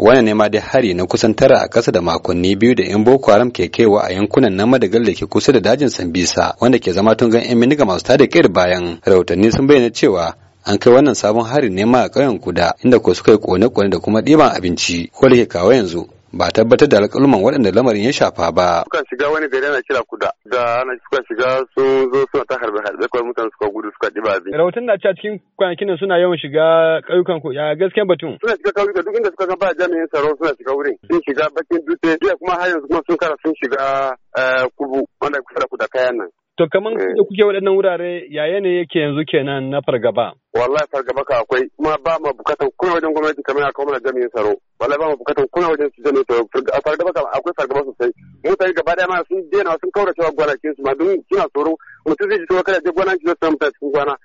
wannan ne ma dai hari na kusan tara a kasa da makonni biyu da yan boko haram ke kaiwa a yankunan na madagal da ke kusa da dajin sambisa wanda ke zama tun gan yan miniga masu tada kayar bayan rahotanni sun bayyana cewa an kai wannan sabon hari ne ma a ƙauyen kuda inda ko suka yi kone-kone da kuma ɗiban abinci ko da ke kawo yanzu ba tabbatar da alƙaluman waɗanda lamarin ya shafa ba. sukan shiga wani gari ana kira kuda da ana suka shiga sun zo suna ta harbe harbe kawai mutane suka gudu suka ɗiba abin. Rahoton na cewa cikin kwanakin nan suna yawan shiga ƙauyukan ko ya gaskiyan batun. Suna shiga ƙauyuka duk inda suka san ba jami'in tsaro suna shiga wurin. Sun shiga bakin dutse jiya kuma har yanzu kuma sun kara sun shiga eh, kubu wanda kusa da kuda kayan nan. To kamar eh. kuke waɗannan wurare yaya ne yake yanzu kenan na fargaba? wallahi fargaba ka akwai kuma ba mu bukata kuna wajen gwamnati kamar aka kawo jami'in tsaro wallahi ba mu bukata kuna wajen su jami'in tsaro fargaba ka akwai fargaba sosai mutane gaba daya ma sun daina sun kaura cewa gwanakin su ma don suna tsoro mutum zai ji tsoro kada je gwanan shi zai samu ta cikin gwana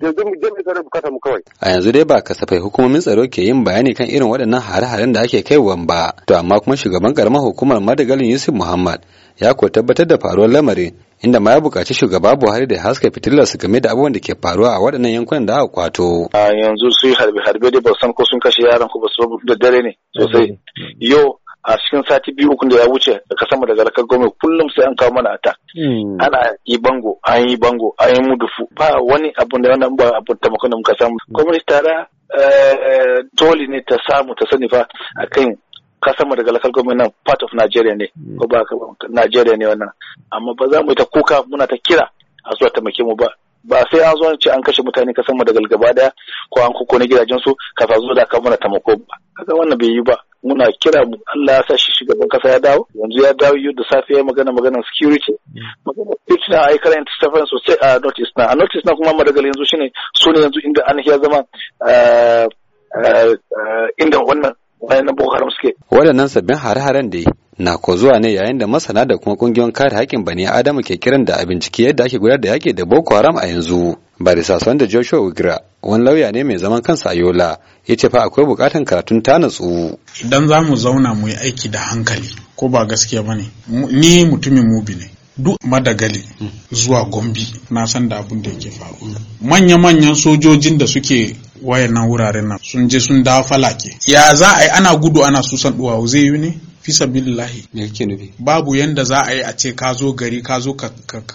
yanzu kawai. A yanzu dai ba kasafai hukumomin tsaro ke yin bayani kan irin waɗannan hare-haren da ake kaiwa ba. To amma kuma shugaban karamar hukumar Madagalin Yusuf Muhammad ya ko tabbatar da faruwar lamarin inda ma ya buƙaci shugaba Buhari da haska fitilar su game da abubuwan da ke faruwa a waɗannan yankunan da aka kwato. A yanzu su yi harbe-harbe da ba san ko sun kashe yaran ko ba su da dare ne sosai. Mm-hmm. Yau a cikin sati biyu uku da ya wuce daga sama da zalakar gome kullum sai an kawo mana ta. Hmm. ana yi bango an yi bango an yi mudufu ba wani abun da wani ba abun da muka samu hmm. gwamnati tara eh, eh, dole ne ta samu ta sani fa a ka sama daga gome gwamnati part of Najeriya ne hmm. ko ba Najeriya ne wannan amma ba za mu ta kuka muna ta kira a zuwa taimake mu ba ba sai an zo an ce an kashe mutane ka daga gaba daya ko an koko na gidajen su ka zo da ka muna taimako ba kaga wannan bai yi ba muna kira mu Allah ya sa shi shugaban kasa ya dawo yanzu ya dawo yau da safe ya magana magana security magana security na ai current stafan sosai a notice na a notice na kuma madagal yanzu shine su ne yanzu inda an ya zama eh, eh, eh, inda wannan wayannan Boko Haram suke waɗannan sabbin hare-haren da na ko zuwa ne yayin da masana da kuma kungiyoyin kare haƙƙin bani adamu ke kiran da a bincike yadda ake gudanar da yaƙi da boko haram a yanzu barisa son da joshua wigra wani lauya ne mai zaman kansa a yola ya ce fa akwai bukatan karatun ta natsu idan za mu zauna mu yi aiki da hankali ko ba gaskiya ba ne ni mutumin mubi ne duk madagali zuwa gombe na san da abin da yake faru manya-manyan sojojin da suke wayannan wuraren nan sun je sun dawo falake ya za a yi ana gudu ana susan duwawu zai yi ne Fisa me kake babu yanda za a yi a ce ka zo gari ka zo ka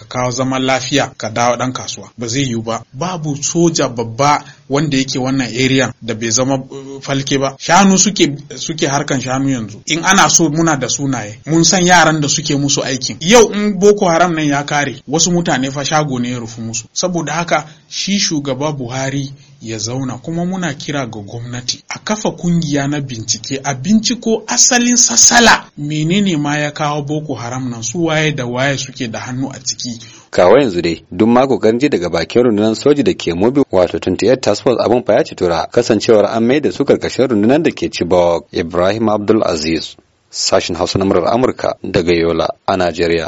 kawo zaman lafiya ka dawo ɗan kasuwa ba zai yiwu ba babu soja babba wanda yake wannan area da bai zama falke ba shanu suke suke harkan shanu yanzu in ana so muna da sunaye mun san yaran da suke musu aikin yau in boko haram nan ya kare wasu mutane fa shago ne ya rufu musu saboda haka shi shugaba buhari ya zauna kuma muna kira ga gwamnati a kafa kungiya na bincike a binciko asalin sasala menene ma ya kawo boko haram nan su waye da waye suke da hannu a ciki kawo yanzu dai duk mako garji daga bakin rundunar soji da ke mobi wato 28 task force abin fa ya ci tura kasancewar an mai da su karkashin rundunar da ke cibawa- ibrahim abdul aziz sashin hausa na murar amurka daga yola a najeriya